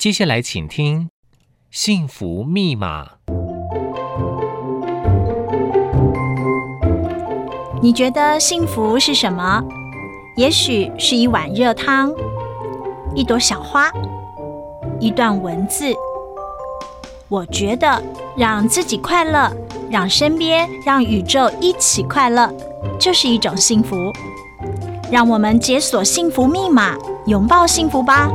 接下來，請聽《幸福密碼》。你覺得幸福是什麼？也許是一碗熱湯，一朵小花，一段文字。我覺得讓自己快樂，讓身邊，讓宇宙一起快樂，就是一種幸福。讓我們解鎖幸福密碼，擁抱幸福吧。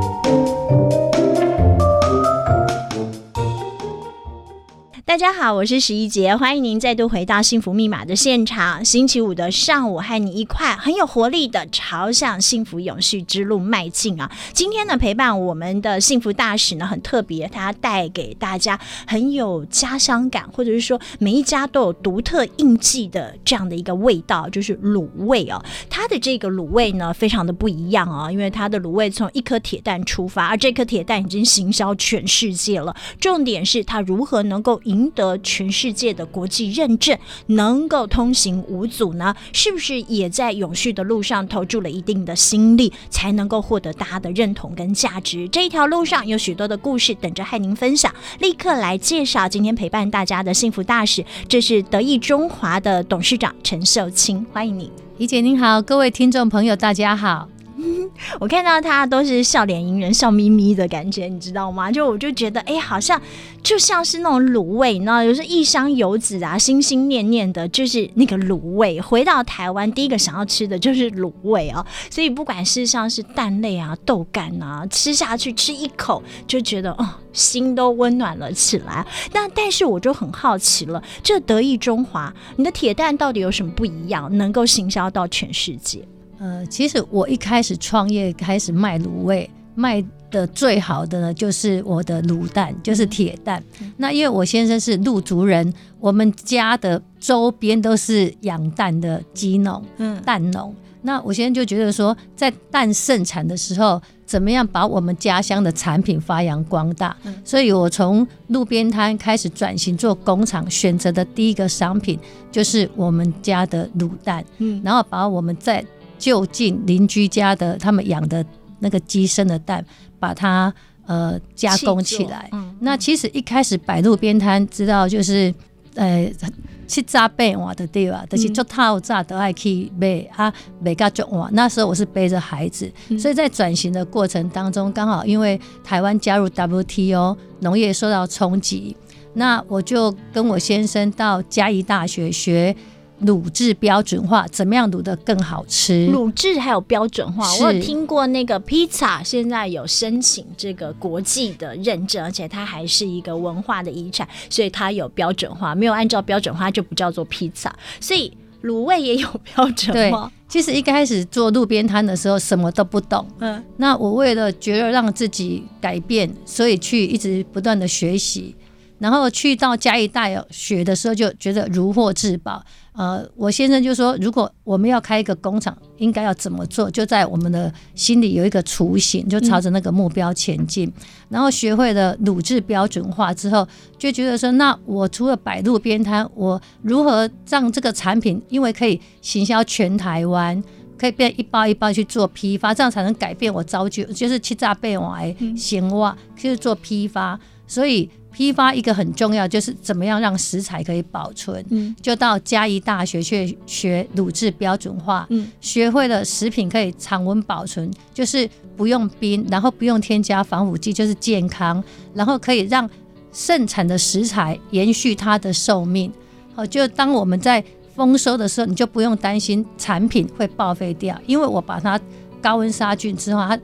大家好，我是史怡傑，歡迎您再度回到幸福密碼的現場。星期五的上午，和你一塊很有活力的朝向幸福永續之路邁進啊！今天呢，陪伴我們的幸福大使呢，很特別，他帶給大家很有家鄉感，或者是說每一家都有獨特印記的這樣的一個味道，就是滷味哦。它的這個滷味呢，非常的不一樣啊、哦，因為它的滷味從一顆鐵蛋出發，而這顆鐵蛋已經行銷全世界了。重點是它如何能夠引。贏得全世界的國際認證，能夠通行無阻呢？是不是也在永續的路上投注了一定的心力，才能夠獲得大家的認同跟價值？這一條路上有許多的故事等着和您分享，立刻來介紹今天陪伴大家的幸福大使，這是得意中華的董事長陳秀卿，歡迎你，李姐您好，各位聽眾朋友大家好。 我看到他都是笑臉迎人，笑眯眯的感覺，你知道嗎？就我就覺得，哎、欸，好像就像是那種滷味，你知道，就是異鄉遊子啊，心心念念的就是那個滷味。回到台灣，第一個想要吃的就是滷味哦。所以不管是像是蛋類啊、豆乾啊，吃下去吃一口就覺得哦，心都溫暖了起來。那但是我就很好奇了，這得意中華，你的鐵蛋到底有什麼不一樣，能夠行銷到全世界？呃，其實我一開始創業，開始賣滷味，賣的最好的呢，就是我的滷蛋，就是鐵蛋。那因為我先生是路竹人，我們家的周邊都是養蛋的雞農、蛋農。嗯、那我先生就覺得說，在蛋盛產的時候，怎麼樣把我們家鄉的產品發揚光大？所以，我從路邊攤開始轉型做工廠，選擇的第一個商品就是我們家的滷蛋。嗯，然後把我們在就近鄰居家的他們養的那個雞生的蛋，把它呃加工起來。嗯、那其實一開始擺路邊攤，知道就是呃、欸嗯、去炸背哇的地方，但是做套炸都還可以啊，每個做哇。那時候我是背着孩子，嗯、所以在轉型的過程當中，剛好因為台灣加入 WTO，農業受到衝擊，那我就跟我先生到嘉義大學學。滷製標準化，怎麼樣滷得更好吃？滷製還有標準化，是，我有聽過那個披薩，現在有申請這個國際的認證，而且它還是一個文化的遺產，所以它有標準化，沒有按照標準化就不叫做披薩。所以滷味也有標準化。對，其實一開始做路邊攤的時候什麼都不懂，嗯，那我為了覺得讓自己改變，所以去一直不斷的學習。然後去到嘉義大學的時候，就覺得如獲至寶。呃，我先生就說，如果我們要開一個工廠，應該要怎麼做？就在我們的心裡有一個雛形，就朝着那個目標前進。嗯、然後學會了滷制標準化之後，就覺得說，那我除了擺路邊攤，我如何讓這個產品，因為可以行銷全台灣，可以變一包一包去做批發，這樣才能改變我早就就是七炸貝王咸蛙，嗯、就是做批發，所以。批發一個很重要，就是怎麼樣讓食材可以保存。嗯，就到嘉義大學去學滷制標準化。嗯，學會了食品可以常溫保存，就是不用冰，然後不用添加防腐劑，就是健康，然後可以讓盛產的食材延續它的壽命。好，就當我們在豐收的時候，你就不用擔心產品會報廢掉，因為我把它高溫殺菌之後它。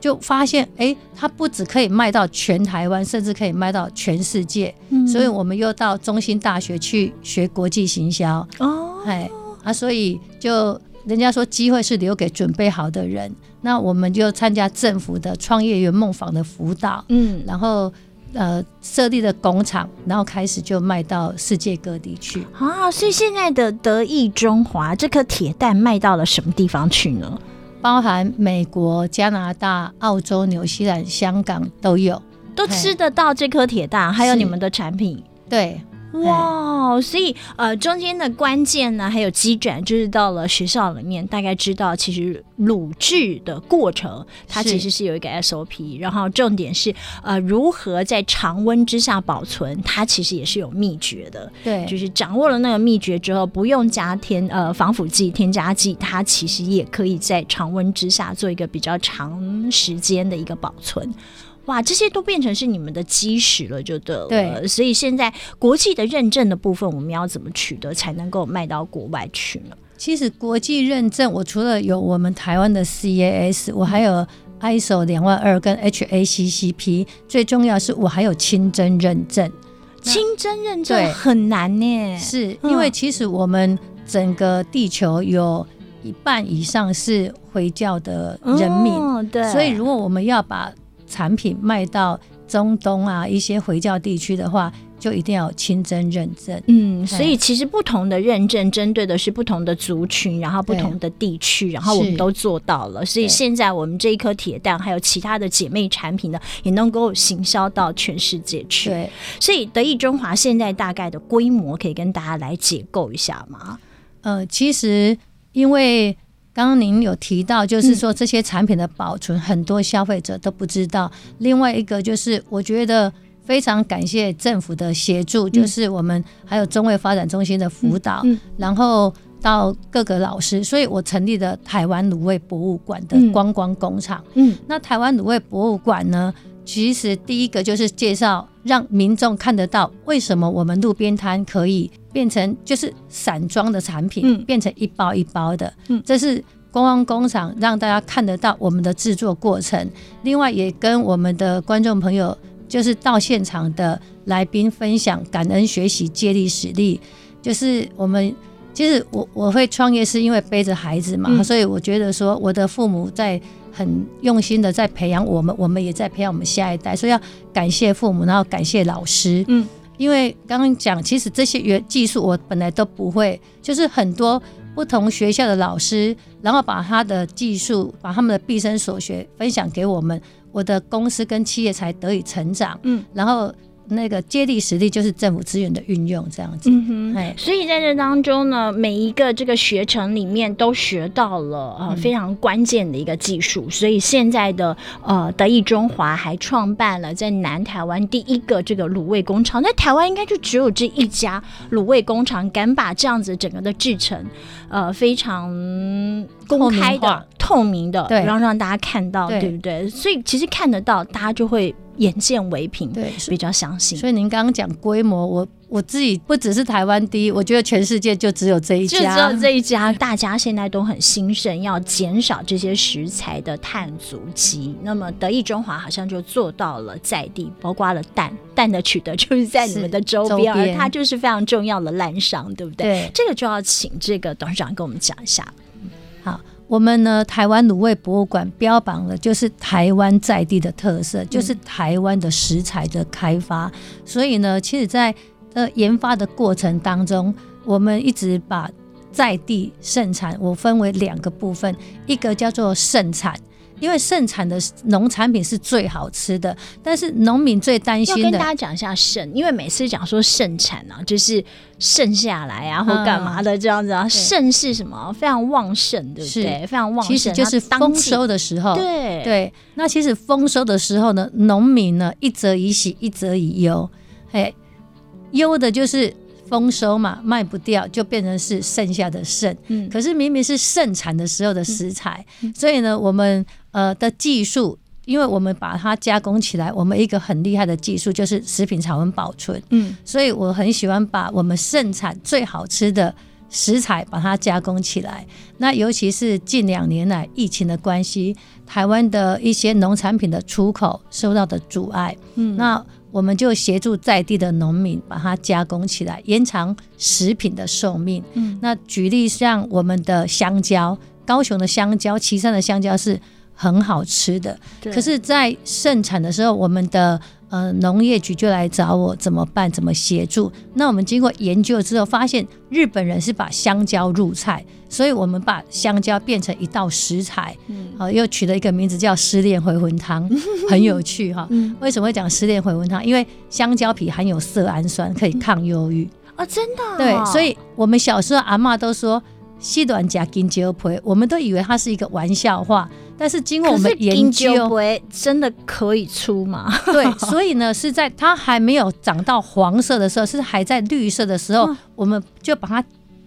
就發現，哎、欸，它不只可以賣到全台灣，甚至可以賣到全世界。嗯、所以我們又到中興大學去學國際行銷。哦，哎，啊，所以就人家說機會是留給準備好的人，那我們就參加政府的創業圓夢坊的輔導。嗯，然後呃設立的工廠，然後開始就賣到世界各地去。啊、哦，所以現在的得意中華這顆鐵蛋賣到了什麼地方去呢？包含美國、加拿大、澳洲、紐西蘭、香港都有，都吃得到這顆鐵蛋，嘿還有你們的產品，對。哇，wow, 所以呃，中間的關鍵呢，還有機轉，就是到了學校裡面，大概知道其實滷制的過程，它其實是有一個 SOP，是然後重點是呃，如何在常溫之下保存，它其實也是有祕訣的。對，就是掌握了那個祕訣之後，不用加添呃防腐劑、添加劑，它其實也可以在常溫之下做一個比較長時間的一個保存。哇，這些都變成是你們的基石了，就對了。對，所以現在國際的認證的部分，我們要怎麼取得才能夠賣到國外去呢？其實國際認證，我除了有我們台灣的 C A S，我還有 I S O 兩萬二跟 H A C C P，最重要是我還有清真認證。那對清真認證很難呢，是、嗯、因為其實我們整個地球有一半以上是回教的人民，嗯、對，所以如果我們要把產品賣到中東啊，一些回教地區的話，就一定要清真認證。嗯，所以其實不同的認證針對的是不同的族群，然後不同的地區，對然後我們都做到了。是所以現在我們這一顆鐵蛋，還有其他的姐妹產品呢，對也能夠行銷到全世界去。對，所以得意中華現在大概的規模，可以跟大家來解構一下嗎？呃，其實因為。剛剛您有提到，就是說這些產品的保存，很多消費者都不知道。嗯、另外一個就是，我覺得非常感謝政府的協助，嗯、就是我們還有中衛發展中心的輔導，嗯嗯、然後到各個老師，所以我成立了台灣滷味博物館的觀光工廠、嗯。嗯，那台灣滷味博物館呢，其實第一個就是介紹。讓民眾看得到為什麼我們路邊攤可以變成就是散裝的產品，嗯、變成一包一包的。嗯、這是觀光工廠讓大家看得到我們的制作過程。另外，也跟我們的觀眾朋友，就是到現場的來賓分享感恩、學習、借力使力。就是我們其實我我會創業是因為背着孩子嘛，嗯、所以我覺得說我的父母在。很用心的在培養我們，我們也在培養我們下一代，所以要感謝父母，然後感謝老師，嗯，因為剛剛講，其實這些原技術我本來都不會，就是很多不同學校的老師，然後把他的技術，把他們的畢生所學分享給我們，我的公司跟企業才得以成長，嗯，然後。那個接地實地就是政府資源的運用，這樣子。嗯哼。哎，所以在這當中呢，每一個這個學程裡面都學到了呃非常關鍵的一個技術。嗯、所以現在的呃，得意中華還創辦了在南台灣第一個這個滷味工廠，那台灣應該就只有這一家滷味工廠敢把這樣子整個的製程呃非常公開的透明，透明的，然後對讓大家看到，對不對？對所以其實看得到，大家就會。眼見為憑，對，比較相信。所以您剛剛講規模，我我自己不只是台灣第一，我覺得全世界就只有這一家，就只有這一家。 大家現在都很興盛，要減少這些食材的碳足跡。那麼得意中華好像就做到了，在地，包括了蛋，蛋的取得就是在你們的周邊，周而它就是非常重要的濫商，對不對？對，這個就要請這個董事長跟我們講一下。好。我們呢，台灣滷味博物館標榜了就是台灣在地的特色，就是台灣的食材的開發。嗯、所以呢，其實，在呃研發的過程當中，我們一直把在地盛產，我分為兩個部分，一個叫做盛產。因為盛產的農產品是最好吃的，但是農民最擔心的要跟大家講一下“盛”，因為每次講說盛產啊，就是剩下來啊，或幹嘛的這樣子啊。盛、嗯、是什麼？非常旺盛，對不對？是非常旺盛，其實就是豐收的時候。對對。那其實豐收的時候呢，農民呢，一則以喜，一則以憂。哎，憂的就是豐收嘛，賣不掉就變成是剩下的剩。嗯、可是明明是盛產的時候的食材，嗯嗯、所以呢，我們。呃，的技術，因為我們把它加工起來，我們一個很厲害的技術就是食品常溫保存。嗯，所以我很喜歡把我們盛產最好吃的食材把它加工起來。那尤其是近兩年來疫情的關係，台灣的一些農產品的出口受到的阻礙，嗯，那我們就協助在地的農民把它加工起來，延長食品的壽命。嗯，那舉例像我們的香蕉，高雄的香蕉、旗山的香蕉是。很好吃的，可是，在盛產的時候，我們的呃農業局就來找我，怎麼辦？怎麼協助？那我們經過研究之後，發現日本人是把香蕉入菜，所以我們把香蕉變成一道食材，呃、又取了一個名字叫“失戀回魂湯”， 很有趣哈、哦。為什麼會講“失戀回魂湯”？因為香蕉皮含有色胺酸，可以抗憂鬱 啊！真的、哦？對，所以我們小時候阿媽都說“西短加金蕉皮”，我們都以為它是一個玩笑話。但是經過我們研究，真的可以出嗎？ 對，所以呢，是在它還沒有長到黃色的時候，是還在綠色的時候，哦、我們就把它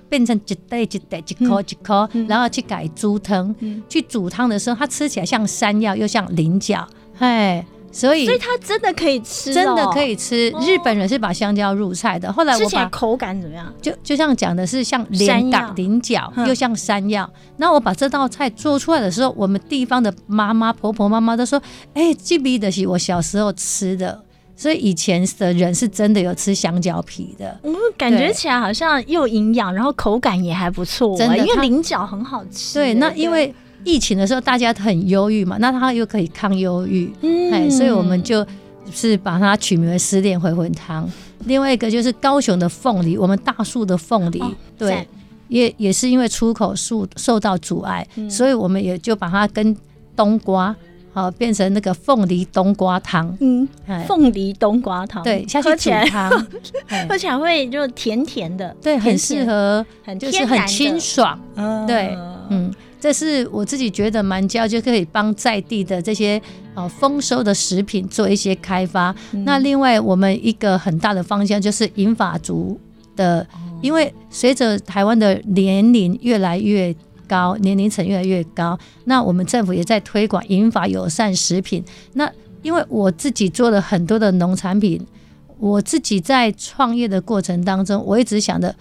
變成一袋一袋、一顆一顆，嗯、然後去改煮湯。嗯、去煮湯的時候，它吃起來像山藥，又像菱角，哎。嗯所以，所以它真的可以吃，喔，真的可以吃，真的可以吃。日本人是把香蕉入菜的。後來我把吃起來口感怎麼樣？就就像講的是像連桿、山藥菱角，嗯、又像山藥。那我把這道菜做出來的時候，我們地方的媽媽、婆婆、媽媽都說：“哎、欸，記不記得起我小時候吃的。”所以以前的人是真的有吃香蕉皮的。我、嗯、感覺起來好像又營養，然後口感也還不錯，真的，因為菱角很好吃。對，那因為。疫情的時候，大家都很憂鬱嘛，那他又可以抗憂鬱，哎，所以我們就是把它取名為“失戀回魂湯”。另外一個就是高雄的鳳梨，我們大樹的鳳梨，對，也也是因為出口受受到阻礙，所以我們也就把它跟冬瓜，好變成那個鳳梨冬瓜湯。嗯，鳳梨冬瓜湯，對，下去煮湯，喝起來會就甜甜的，對，很適合，很就是很清爽，嗯，對，嗯。這是我自己覺得蠻驕傲，就可以幫在地的這些呃豐收的食品做一些開發。嗯、那另外，我們一個很大的方向就是銀髮族的，因為隨着台灣的年齡越來越高，年齡層越來越高，那我們政府也在推廣銀髮友善食品。那因為我自己做了很多的農產品，我自己在創業的過程當中，我一直想着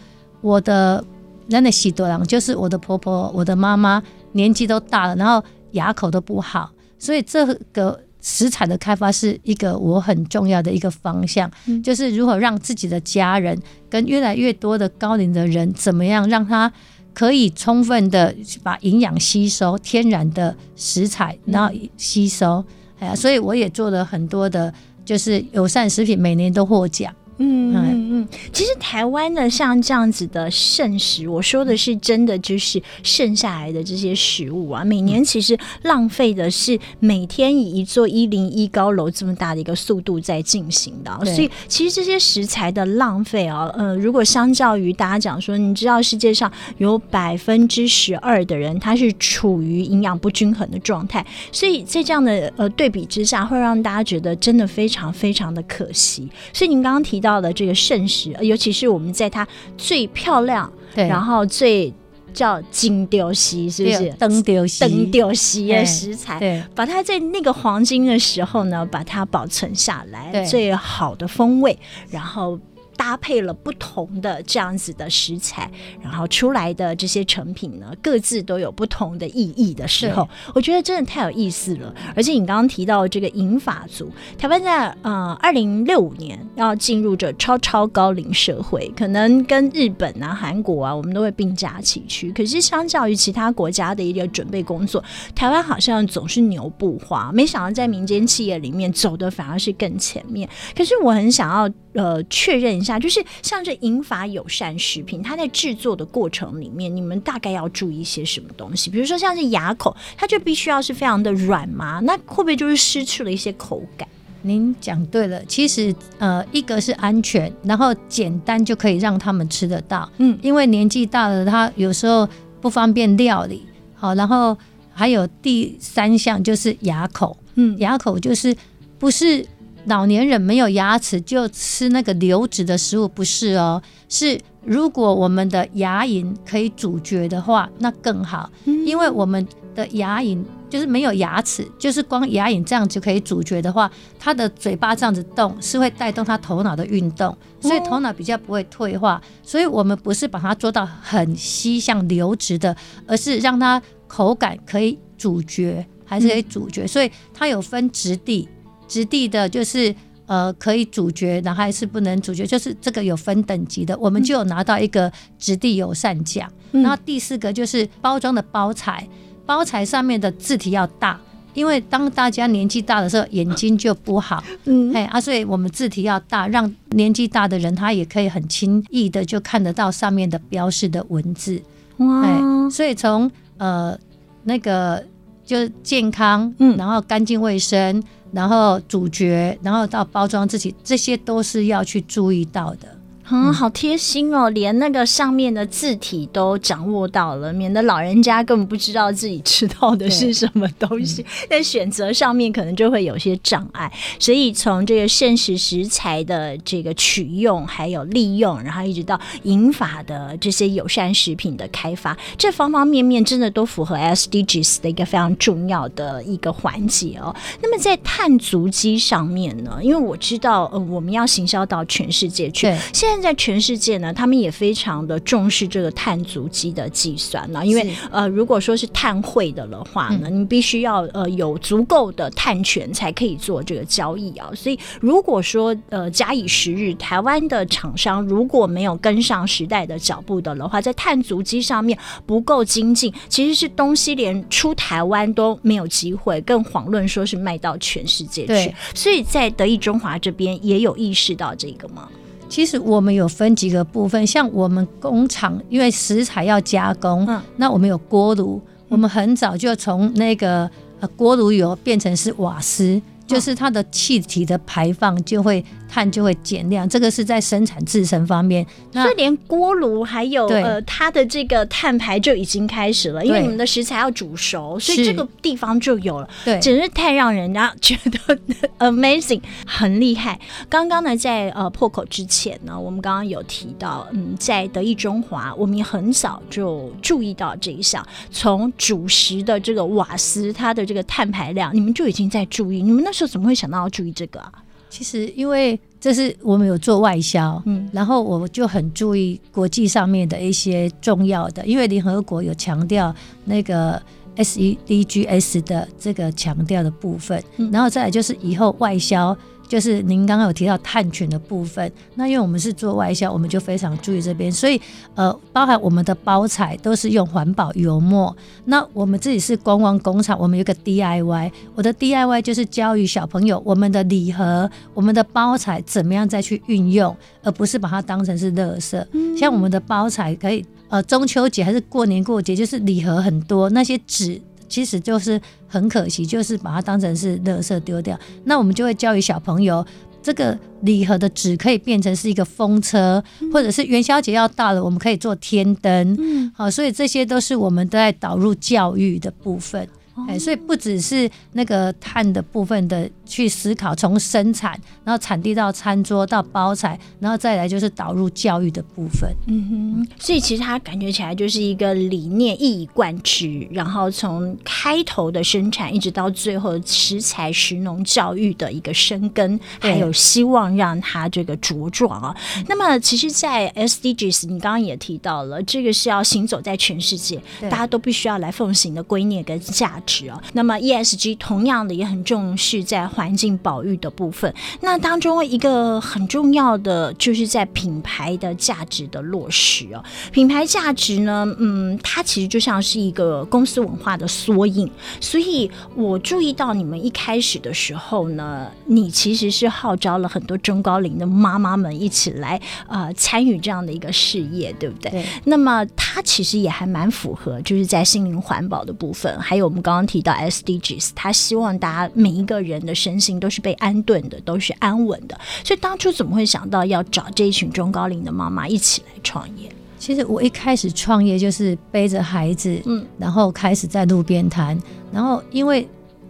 我的。那那喜多郎就是我的婆婆、我的媽媽，年紀都大了，然後牙口都不好，所以這個食材的開發是一個我很重要的一個方向，嗯、就是如何讓自己的家人跟越來越多的高齡的人，怎麼樣讓他可以充分的把營養吸收天然的食材，然後吸收。哎、嗯、呀，嗯、所以我也做了很多的，就是友善食品，每年都獲獎。嗯嗯嗯，其實台灣的像這樣子的剩食，我說的是真的，就是剩下來的這些食物啊，每年其實浪費的是每天以一座一零一高樓這麼大的一個速度在進行的哦，對所以其實這些食材的浪費啊，呃，如果相較於大家講說，你知道世界上有百分之十二的人他是處於營養不均衡的狀態，所以在這樣的呃對比之下，會讓大家覺得真的非常非常的可惜。所以您剛剛提到。到了這個盛時，尤其是我們在它最漂亮，對然後最叫金雕西，是不是？燈雕西，燈雕西的食材，對對，把它在那個黃金的時候呢，把它保存下來，最好的風味，對然後。搭配了不同的這樣子的食材，然後出來的這些成品呢，各自都有不同的意義的時候，對我覺得真的太有意思了。而且你剛剛提到的這個銀髮族，台灣在呃二零六五年要進入這超超高齡社會，可能跟日本啊、韓國啊，我們都會並駕齊驅。可是相較於其他國家的一個準備工作，台灣好像總是牛步化，沒想到在民間企業裡面走的反而是更前面。可是我很想要。呃，確認一下，就是像這銀髮友善食品，它在製作的過程裡面，你們大概要注意些什麼東西？比如說，像是牙口，它就必須要是非常的軟嘛，那會不會就是失去了一些口感？您講對了，其實呃，一個是安全，然後簡單就可以讓他們吃得到，嗯，因為年紀大了，他有時候不方便料理，好，然後還有第三項就是牙口，嗯，牙口就是不是。老年人沒有牙齒就吃那個流質的食物，不是哦，是如果我們的牙齦可以咀嚼的話，那更好，因為我們的牙齦就是沒有牙齒，就是光牙齦這樣子可以咀嚼的話，他的嘴巴這樣子動，是會帶動他頭腦的運動，所以頭腦比較不會退化，所以我們不是把它做到很稀，像流質的，而是讓它口感可以咀嚼，還是可以咀嚼，所以它有分質地。質地的，就是呃，可以咀嚼，然後還是不能咀嚼。就是這個有分等級的。我們就有拿到一個質地友善獎。嗯、然後第四個就是包裝的包材，包材上面的字體要大，因為當大家年紀大的時候，眼睛就不好，嗯啊，所以我們字體要大，讓年紀大的人他也可以很輕易的就看得到上面的標示的文字。哇，所以從呃那個就是健康，嗯、然後乾淨衛生。然後主角，然後到包裝自己，這些都是要去注意到的。嗯，好貼心哦，連那個上面的字體都掌握到了，免得老人家根本不知道自己吃到的是什麼東西，在對選擇上面可能就會有些障礙。所以從這個剩食、食材的這個取用還有利用，然後一直到銀髮的這些友善食品的開發，這方方面面真的都符合 SDGs 的一個非常重要的一個環節哦。那麼在碳足跡上面呢？因為我知道，呃，我們要行銷到全世界去，對現在。在全世界呢，他們也非常的重視這個碳足跡的計算呢，因為是呃，如果說是碳匯的的話呢，嗯、你必須要呃有足夠的碳權才可以做這個交易啊、哦。所以如果說呃，假以時日，台灣的廠商如果沒有跟上時代的腳步的的話，在碳足跡上面不夠精進，其實是東西連出台灣都沒有機會，更遑論說是賣到全世界去。對所以在得意中華這邊也有意識到這個嗎？其實我們有分幾個部分，像我們工廠，因為食材要加工，嗯、那我們有鍋爐，我們很早就從那個鍋爐油變成是瓦斯，就是它的氣體的排放就會。碳就會減量，這個是在生產自身方面，那所以連鍋爐還有對呃，它的這個碳排就已經開始了。對因為你們的食材要煮熟，是所以這個地方就有了。對，簡直太讓人家覺得 amazing，很厲害。剛剛呢，在呃破口之前呢，我們剛剛有提到，嗯，在得意中華，我們也很早就注意到這一項，從主食的這個瓦斯，它的這個碳排量，你們就已經在注意。你們那時候怎麼會想到要注意這個啊？其實，因為這是我們有做外銷，嗯、然後我就很注意國際上面的一些重要的，因為聯合國有強調那個 SDGs 的這個強調的部分，嗯、然後再來就是以後外銷。就是您剛剛有提到碳權的部分，那因為我們是做外銷，我們就非常注意這邊，所以呃，包含我們的包材都是用環保油墨。那我們自己是觀光、光工廠，我們有個 DIY，我的 DIY 就是教育小朋友我們的禮盒，我們的包材怎麼樣再去運用，而不是把它當成是垃圾。嗯嗯，像我們的包材可以，呃，中秋節還是過年過節，就是禮盒很多，那些紙。其實就是很可惜，就是把它當成是垃圾丟掉。那我們就會教育小朋友，這個禮盒的紙可以變成是一個風車，或者是元宵節要到了，我們可以做天燈。好，所以這些都是我們都在導入教育的部分。哎、欸，所以不只是那個碳的部分的去思考，從生產，然後產地到餐桌到包材，然後再來就是導入教育的部分。嗯哼，所以其實他感覺起來就是一個理念一以貫之，然後從開頭的生產，一直到最後食材食農教育的一個生根，對還有希望讓它這個茁壯啊。那麼，其實，在 SDGs，你剛剛也提到了，這個是要行走在全世界，對大家都必須要來奉行的觀念跟價值。那麼 ESG 同樣的也很重視在環境保育的部分，那當中一個很重要的就是在品牌的價值的落實哦。品牌價值呢，嗯，它其實就像是一個公司文化的縮影，所以我注意到你們一開始的時候呢，你其實是號召了很多中高齡的媽媽們一起來呃參與這樣的一個事業，對不對？對。那麼它其實也還蠻符合，就是在心靈環保的部分，還有我們高。剛剛提到 SDGs，他希望大家每一個人的身心都是被安頓的，都是安穩的。所以當初怎麼會想到要找這一群中高齡的媽媽一起來創業？其實我一開始創業就是背着孩子，嗯，然後開始在路邊攤，然後因為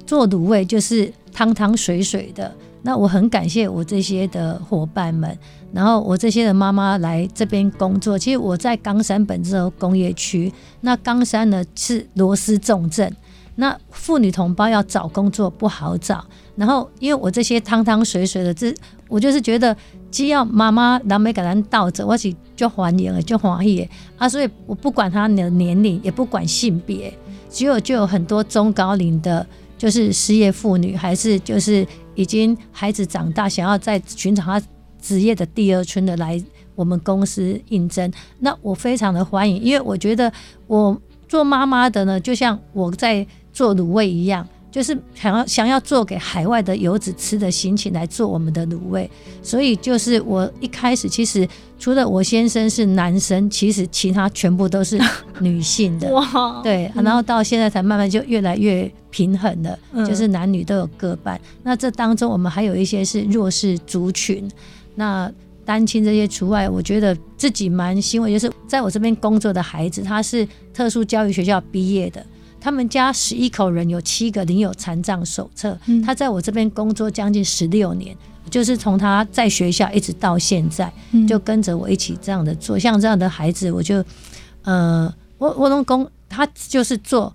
做滷味就是湯湯水水的。那我很感謝我這些的夥伴們，然後我這些的媽媽來這邊工作。其實我在岡山本洲工業區，那岡山呢是螺絲重鎮。那婦女同胞要找工作不好找，然後因為我這些湯湯水水的，這我就是覺得，既要媽媽難為，人給人倒着，我只就歡迎了，就歡迎啊！所以我不管他的年齡，也不管性別，只有就有很多中高齡的，就是失業婦女，還是就是已經孩子長大，想要再尋找他職業的第二春的來我們公司應徵，那我非常的歡迎，因為我覺得我做媽媽的呢，就像我在。做滷味一樣，就是想要想要做給海外的游子吃的心情來做我們的滷味，所以就是我一開始其實除了我先生是男生，其實其他全部都是女性的， 哇對，然後到現在才慢慢就越來越平衡了，嗯、就是男女都有各半。那這當中我們還有一些是弱勢族群，那單親這些除外，我覺得自己蠻欣慰，就是在我這邊工作的孩子，他是特殊教育學校畢業的。他們家十一口人，有七個領有殘障手冊。他在我這邊工作將近十六年，嗯、就是從他在學校一直到現在，嗯、就跟着我一起這樣的做。像這樣的孩子，我就呃，我我從工他就是做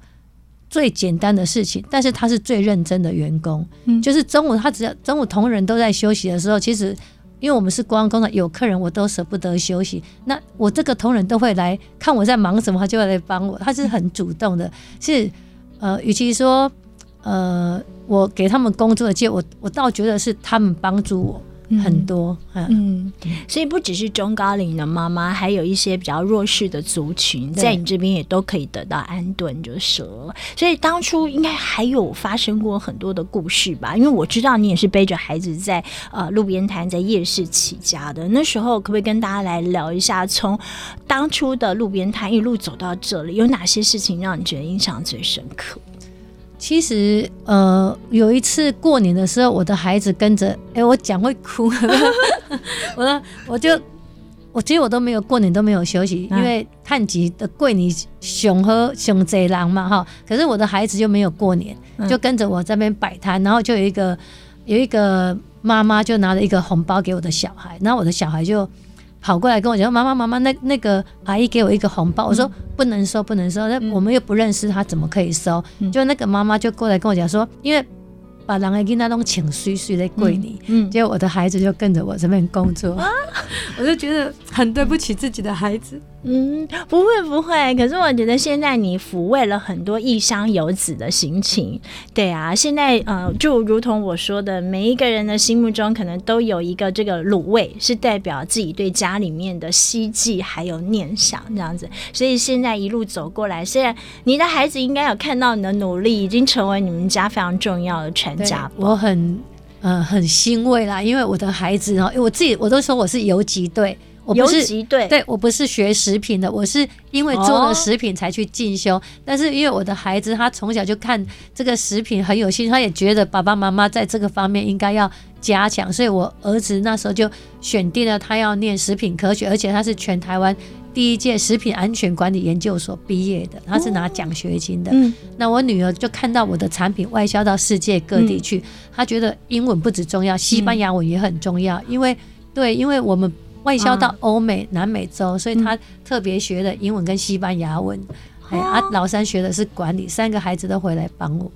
最簡單的事情，但是他是最認真的員工。嗯、就是中午他只要中午同仁都在休息的時候，其實。因為我們是觀光工廠，有客人我都捨不得休息。那我這個同仁都會來看我在忙什麼，他就會來幫我。他是很主動的，是呃，與其說呃，我給他們工作的機會，我我倒覺得是他們幫助我。很多，嗯，嗯嗯，所以不只是中高齡的媽媽，還有一些比較弱勢的族群，在你這邊也都可以得到安頓，就是了，所以當初應該還有發生過很多的故事吧？因為我知道你也是背着孩子在呃路邊攤在夜市起家的，那時候可不可以跟大家來聊一下，從當初的路邊攤一路走到這裡，有哪些事情讓你覺得印象最深刻？其實，呃，有一次過年的時候，我的孩子跟着，哎、欸，我講會哭， 我說，我就，我其實我都沒有過年都沒有休息，啊、因為看吉的過年，最好，最多人嘛，哈，可是我的孩子就沒有過年，啊、就跟着我這邊擺攤，然後就有一個，有一個媽媽就拿了一個紅包給我的小孩，然後我的小孩就。跑過來跟我講，媽媽媽媽，那那個阿姨給我一個紅包，我說不能收不能收，那我們又不認識她，怎麼可以收？就那個媽媽就過來跟我講說，因為。把人家給那種情緒，緒在櫃你，嗯，結果我的孩子就跟着我這邊工作，啊，我就覺得很對不起自己的孩子，嗯，不會不會，可是我覺得現在你撫慰了很多異鄉遊子的心情，對啊，現在呃就如同我說的，每一個人的心目中可能都有一個這個滷味，是代表自己對家裡面的希冀還有念想這樣子，所以現在一路走過來，現在你的孩子應該有看到你的努力，已經成為你們家非常重要的成。我很，呃，很欣慰啦，因為我的孩子，我自己我都說我是游擊隊，我不是游擊隊，對，我不是學食品的，我是因為做了食品才去進修。哦、但是因為我的孩子，他從小就看這個食品很有興趣，他也覺得爸爸媽媽在這個方面應該要加強，所以我兒子那時候就選定了他要念食品科學，而且他是全台灣。第一屆食品安全管理研究所畢業的，他是拿獎學金的。哦嗯、那我女兒就看到我的產品外銷到世界各地去，她、嗯、覺得英文不只重要，西班牙文也很重要，嗯、因為對，因為我們外銷到歐美、啊、南美洲，所以他特別學的英文跟西班牙文。哦、哎呀、啊，老三學的是管理，三個孩子都回來幫我。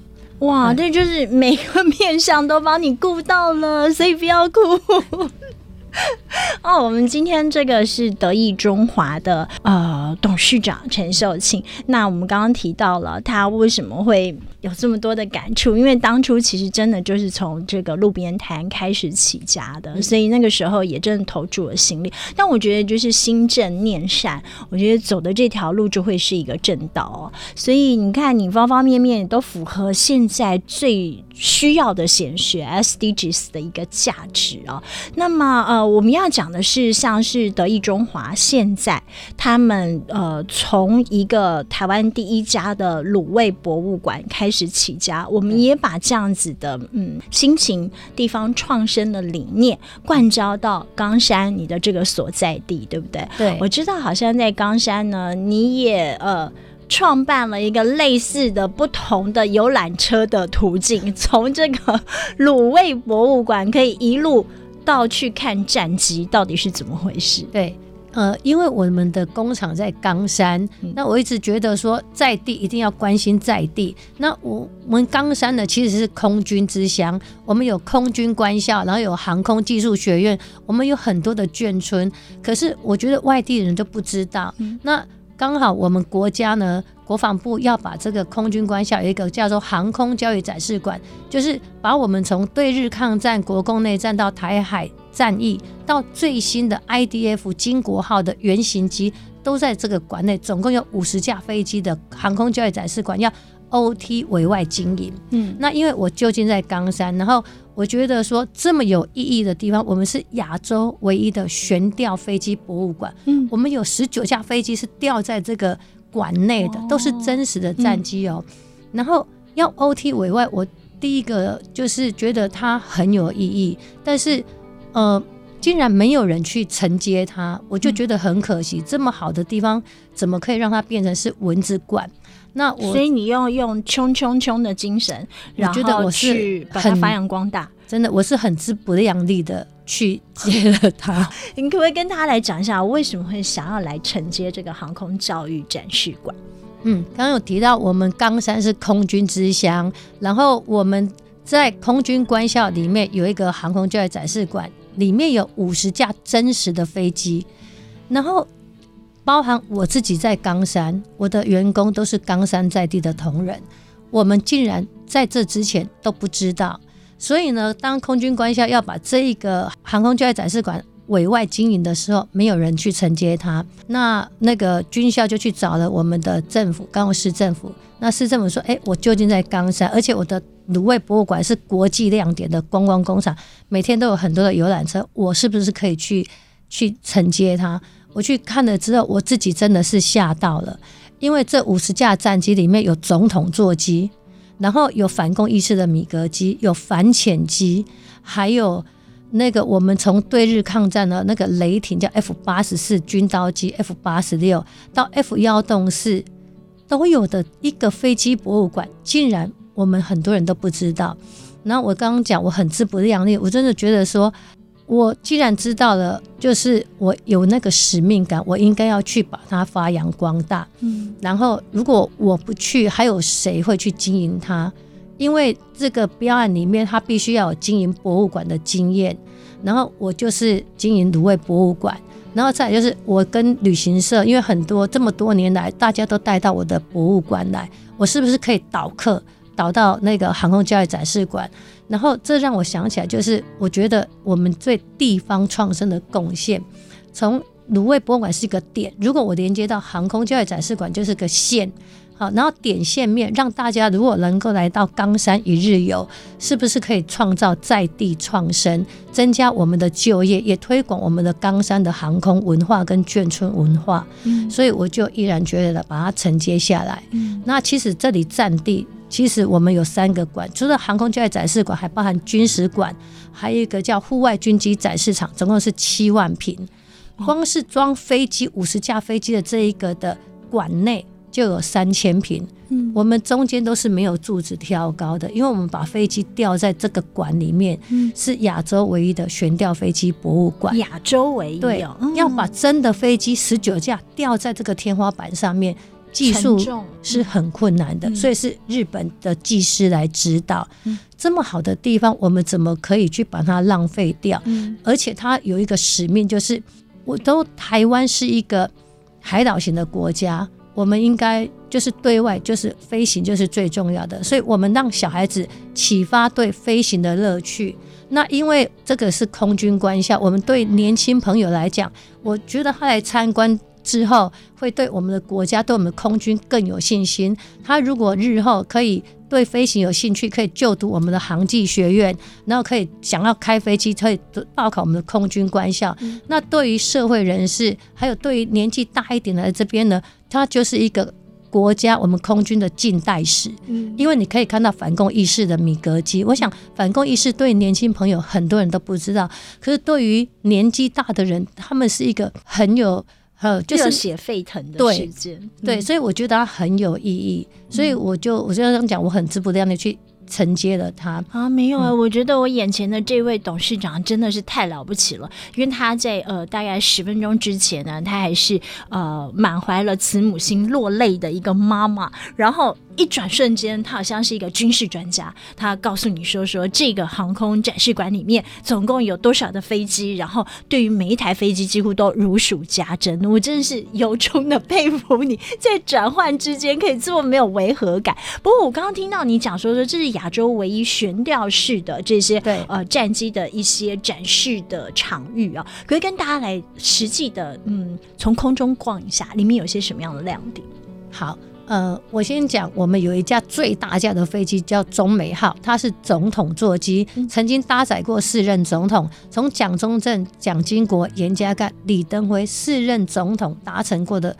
哇，嗯、哇，這就是每個面向都幫你顧到了，所以不要哭。 哦，我們今天這個是得意中華的呃董事長陳秀卿。那我們剛剛提到了他為什麼會有這麼多的感觸，因為當初其實真的就是從這個路邊攤開始起家的，嗯、所以那個時候也真的投注了心力。但我覺得就是心正念善，我覺得走的這條路就會是一個正道哦。所以你看，你方方面面都符合現在最需要的顯學 SDGs 的一個價值哦。那麼呃，我們要講的是像是得意中華，現在他們呃從一個台灣第一家的滷味博物館開始。開始起家，我們也把這樣子的嗯心情、地方創生的理念灌澆到岡山你的這個所在地，對不對？對，我知道，好像在岡山呢，你也呃創辦了一個類似的不同的遊覽車的途徑，從這個滷味博物館可以一路到去看戰機到底是怎麼回事？對。呃，因為我們的工廠在岡山，那我一直覺得說在地一定要關心在地。那我我們岡山呢，其實是空軍之鄉，我們有空軍官校，然後有航空技術學院，我們有很多的眷村，可是我覺得外地人都不知道。那。剛好我們國家呢，國防部要把這個空軍官校有一個叫做航空教育展示館，就是把我們從對日抗戰、國共內戰到台海戰役到最新的 IDF 經國號的原型機都在這個館內，總共有五十架飛機的航空教育展示館要 OT 委外經營。嗯，那因為我就近在岡山，然後。我覺得說這麼有意義的地方，我們是亞洲唯一的懸吊飛機博物館。嗯，我們有十九架飛機是吊在這個館內的，都是真實的戰機哦。哦嗯、然後要 OT 委外，我第一個就是覺得它很有意義，但是呃，竟然沒有人去承接它，我就覺得很可惜。嗯、這麼好的地方，怎麼可以讓它變成是蚊子館？那我所以你要用衝衝衝的精神，然後去把它發揚光大。真的，我是很自不量力的去接了他。 你可不可以跟大家來講一下，我為什麼會想要來承接這個航空教育展示館？嗯，剛剛有提到，我們岡山是空軍之鄉，然後我們在空軍官校裡面有一個航空教育展示館，裡面有五十架真實的飛機，然後。包含我自己在岡山，我的員工都是岡山在地的同仁，我們竟然在這之前都不知道。所以呢，當空軍官校要把這一個航空教育展示館委外經營的時候，沒有人去承接它。那那個軍校就去找了我們的政府，高雄市政府。那市政府說：“哎、欸，我究竟在岡山，而且我的滷味博物館是國際亮點的觀光工廠，每天都有很多的遊覽車，我是不是可以去去承接它？”我去看了之後，我自己真的是嚇到了，因為這五十架戰機裡面有總統座機，然後有反共義士的米格機，有反潛機，還有那個我們從對日抗戰的那個雷霆叫 F 八十四軍刀機、F 八十六到 F 幺洞四都有的一個飛機博物館，竟然我們很多人都不知道。那我剛剛講我很自不量力，我真的覺得說。我既然知道了，就是我有那個使命感，我應該要去把它發揚光大。嗯，然後如果我不去，還有誰會去經營它？因為這個標案裡面，它必須要有經營博物館的經驗。然後我就是經營滷味博物館，然後再就是我跟旅行社，因為很多這麼多年來大家都帶到我的博物館來，我是不是可以導客導到那個航空教育展示館？然後這讓我想起來，就是我覺得我們對地方創生的貢獻，從滷味博物館是一個點，如果我連接到航空教育展示館就是個線，好，然後點線面，讓大家如果能夠來到岡山一日遊，是不是可以創造在地創生，增加我們的就業，也推廣我們的岡山的航空文化跟眷村文化？嗯，所以我就毅然決然地把它承接下來。嗯，那其實這裡占地。其實我們有三個館，除了航空教育展示館，還包含軍事館，還有一個叫戶外軍機展示場，總共是七萬坪。光是裝飛機五十架飛機的這一個的館內就有三千坪。嗯、我們中間都是沒有柱子挑高的，因為我們把飛機吊在這個館裡面，嗯、是亞洲唯一的懸吊飛機博物館。亞洲唯一、哦、對，嗯、要把真的飛機十九架吊在這個天花板上面。技術是很困難的，嗯、所以是日本的技師來指導。嗯、這麼好的地方，我們怎麼可以去把它浪費掉？嗯、而且它有一個使命，就是我都台灣是一個海島型的國家，我們應該就是對外就是飛行就是最重要的，所以我們讓小孩子啟發對飛行的樂趣。那因為這個是空軍官校，我們對年輕朋友來講，嗯、我覺得他來參觀。之後會對我們的國家、對我們的空軍更有信心。他如果日後可以對飛行有興趣，可以就讀我們的航技學院，然後可以想要開飛機，可以報考我們的空軍官校。嗯、那對於社會人士，還有對於年紀大一點的這邊呢，他就是一個國家我們空軍的近代史。嗯、因為你可以看到反共義士的米格機。我想反共義士對年輕朋友很多人都不知道，可是對於年紀大的人，他們是一個很有。呃，就是熱血沸騰的時間，對，所以我覺得它很有意義，嗯、所以我就我就要這樣講，我很自不量力去承接了他。嗯、啊，沒有啊，嗯、我覺得我眼前的這位董事長真的是太了不起了，因為他在呃大概十分鐘之前呢，他還是呃滿懷了慈母心落淚的一個媽媽，然後。一轉瞬間，他好像是一個軍事專家，他告訴你說說這個航空展示館裡面總共有多少的飛機，然後對於每一台飛機幾乎都如數家珍，我真的是由衷的佩服你在轉換之間可以這麼沒有違和感。不過我剛剛聽到你講說說這是亞洲唯一懸吊式的這些對呃戰機的一些展示的場域啊，可，可以跟大家來實際的嗯從空中逛一下，裡面有些什麼樣的亮點？好。呃，我先講，我們有一架最大架的飛機，叫“中美號”，它是總統座機，曾經搭載過四任總統，從蔣中正、蔣經國、嚴家淦、李登輝四任總統搭乘過的，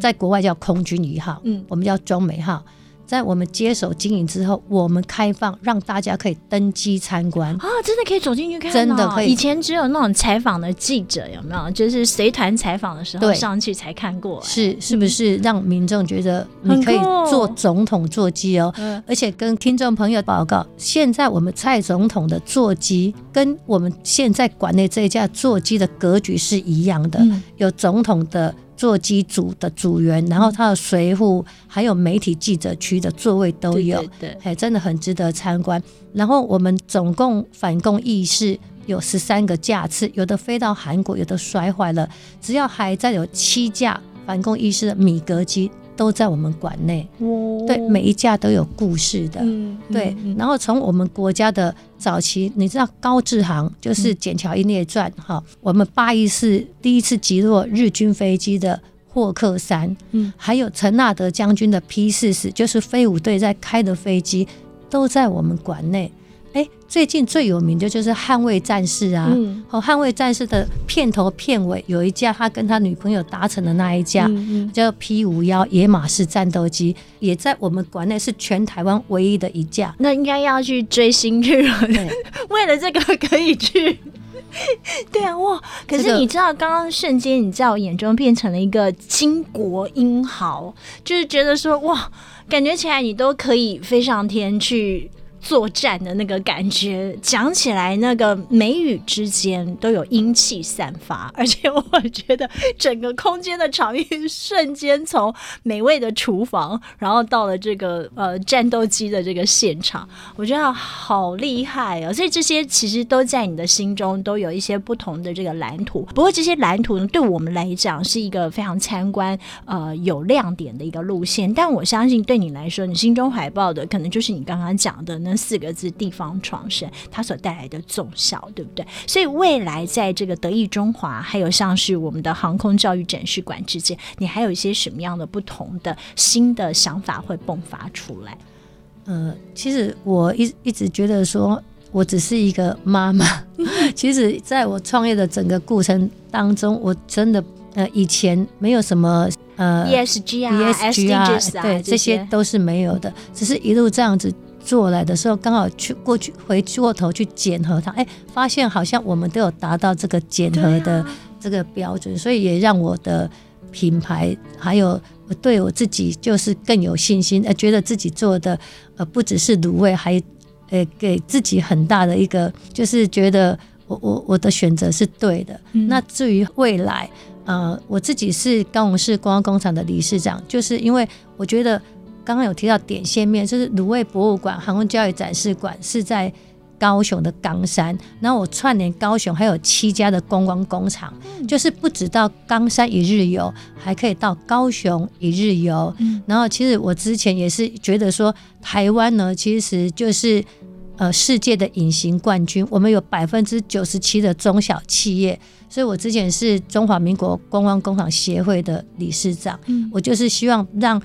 在國外叫“空軍一號”，嗯，我們叫“中美號”。在我們接手經營之後，我們開放讓大家可以登機參觀啊，真的可以走進去看哦，真的可以。以前只有那種採訪的記者有沒有？就是隨團採訪的時候上去才看過。是，是不是讓民眾覺得你可以坐總統座機哦？哦，而且跟聽眾朋友報告，現在我們蔡總統的座機跟我們現在館內這一架座機的格局是一樣的，嗯，有總統的。座機組的組員，然後他的隨扈還有媒體記者區的座位都有，哎，真的很值得參觀。然後我們總共反共義士有十三個架次，有的飛到韓國，有的摔壞了，只要還在有七架反共義士的米格機，都在我們館內，哦、對，每一架都有故事的，嗯、對。然後從我們國家的早期，你知道高志航就是《筧橋英烈傳》哈，我們八一四第一次擊落日軍飛機的霍克三，嗯，還有陳納德將軍的 P-40，就是飛虎隊在開的飛機，都在我們館內。最近最有名的就是《捍衛戰士》啊，和、嗯，《捍衛戰士》的片頭片尾有一架，他跟他女朋友搭乘的那一架，嗯嗯、叫 P 51野馬式戰鬥機，也在我們館內，是全台灣唯一的一架。那應該要去追星去了，對為了這個可以去。 對啊，哇！可是你知道，剛剛瞬間你在我眼中變成了一個巾幗英豪，就是覺得說，哇，感覺起來你都可以飛上天去。作戰的那個感覺，講起來那個眉宇之間都有英氣散發，而且我覺得整個空間的場域瞬間從美味的廚房，然後到了這個呃戰鬥機的這個現場，我覺得好厲害哦。所以這些其實都在你的心中都有一些不同的這個藍圖。不過這些藍圖呢，對我們來講是一個非常參觀呃有亮點的一個路線，但我相信對你來說，你心中懷抱的可能就是你剛剛講的那個四個字，地方創生，它所帶來的綜效，對不對？所以未來在這個得意中華，還有像是我們的航空教育展示館之間，你還有一些什麼樣的不同的新的想法會迸發出來？呃，其實我一一直覺得說，我只是一個媽媽。 其實，在我創業的整個過程當中，我真的呃，以前沒有什麼呃，ESG 啊，ESG 啊，對，這些都是沒有的，只是一路這樣子。做來的時候，剛好去過去回過頭去檢核它，哎、欸，發現好像我們都有達到這個檢核的這個標準，啊、所以也讓我的品牌還有對我自己就是更有信心，哎、呃，覺得自己做的呃不只是滷味，還呃給自己很大的一個就是覺得我我我的選擇是對的。嗯、那至於未來，呃，我自己是高雄市觀光工廠的理事長，就是因為我覺得。剛剛有提到點線面，就是滷味博物館、航空教育展示館是在高雄的岡山，然後我串聯高雄，還有七家的觀光工廠，嗯、就是不止到岡山一日遊，還可以到高雄一日遊。嗯、然後其實我之前也是覺得說，台灣呢其實就是呃世界的隱形冠軍，我們有百分之九十七的中小企業，所以我之前是中華民國觀光工廠協會的理事長，嗯、我就是希望讓。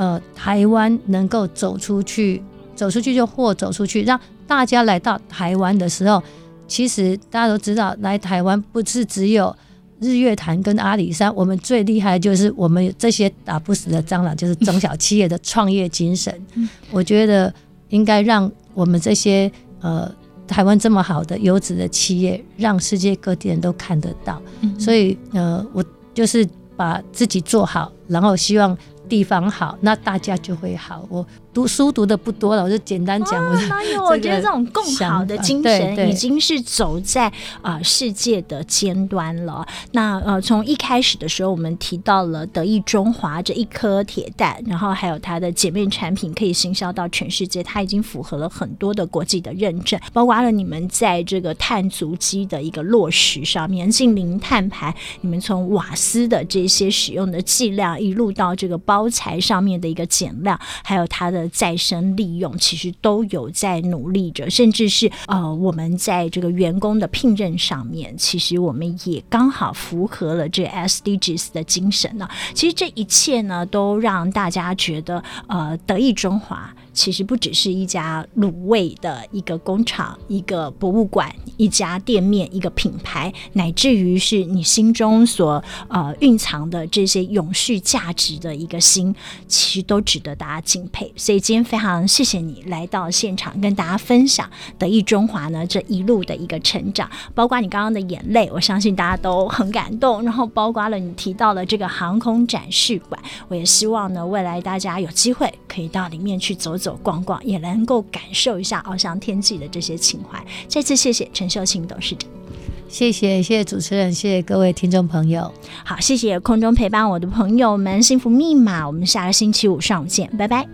呃，台灣能夠走出去，走出去就貨走出去，讓大家來到台灣的時候，其實大家都知道，來台灣不是只有日月潭跟阿里山，我們最厲害就是我們這些打不死的蟑螂，就是中小企業的創業精神。 我覺得應該讓我們這些呃，台灣這麼好的優質的企業，讓世界各地人都看得到。 所以呃，我就是把自己做好，然後希望。地方好，那大家就會好。我。讀書讀的不多了，我就簡單講。啊、我，我覺得這種共好的精神已經是走在啊、嗯走在呃、世界的尖端了。那呃，從一開始的時候，我們提到了得意中華這一顆鐵蛋，然後還有它的姐妹產品可以行銷到全世界，它已經符合了很多的國際的認證，包括了你們在這個碳足跡的一個落實上面，近零碳排。你們從瓦斯的這些使用的劑量，一路到這個包材上面的一個減量，還有它的。再生利用其實都有在努力着，甚至是呃，我們在這個員工的聘任上面，其實我們也剛好符合了這 SDGs 的精神呢、啊。其實這一切呢，都讓大家覺得呃，得意中華。其實不只是一家滷味的一個工廠、一個博物館、一家店面、一個品牌，乃至於是你心中所呃蘊藏的這些永續價值的一個心，其實都值得大家敬佩。所以今天非常謝謝你來到現場跟大家分享得意中華呢這一路的一個成長，包括你剛剛的眼淚，我相信大家都很感動。然後包括了你提到了這個航空展示館，我也希望呢未來大家有機會可以到裡面去走走，逛逛也能夠感受一下翱翔天際的這些情懷。再次謝謝陳秀卿董事長，謝謝謝謝主持人，謝謝各位聽眾朋友，好，謝謝空中陪伴我的朋友們，幸福密碼，我們下個星期五上午見，拜拜。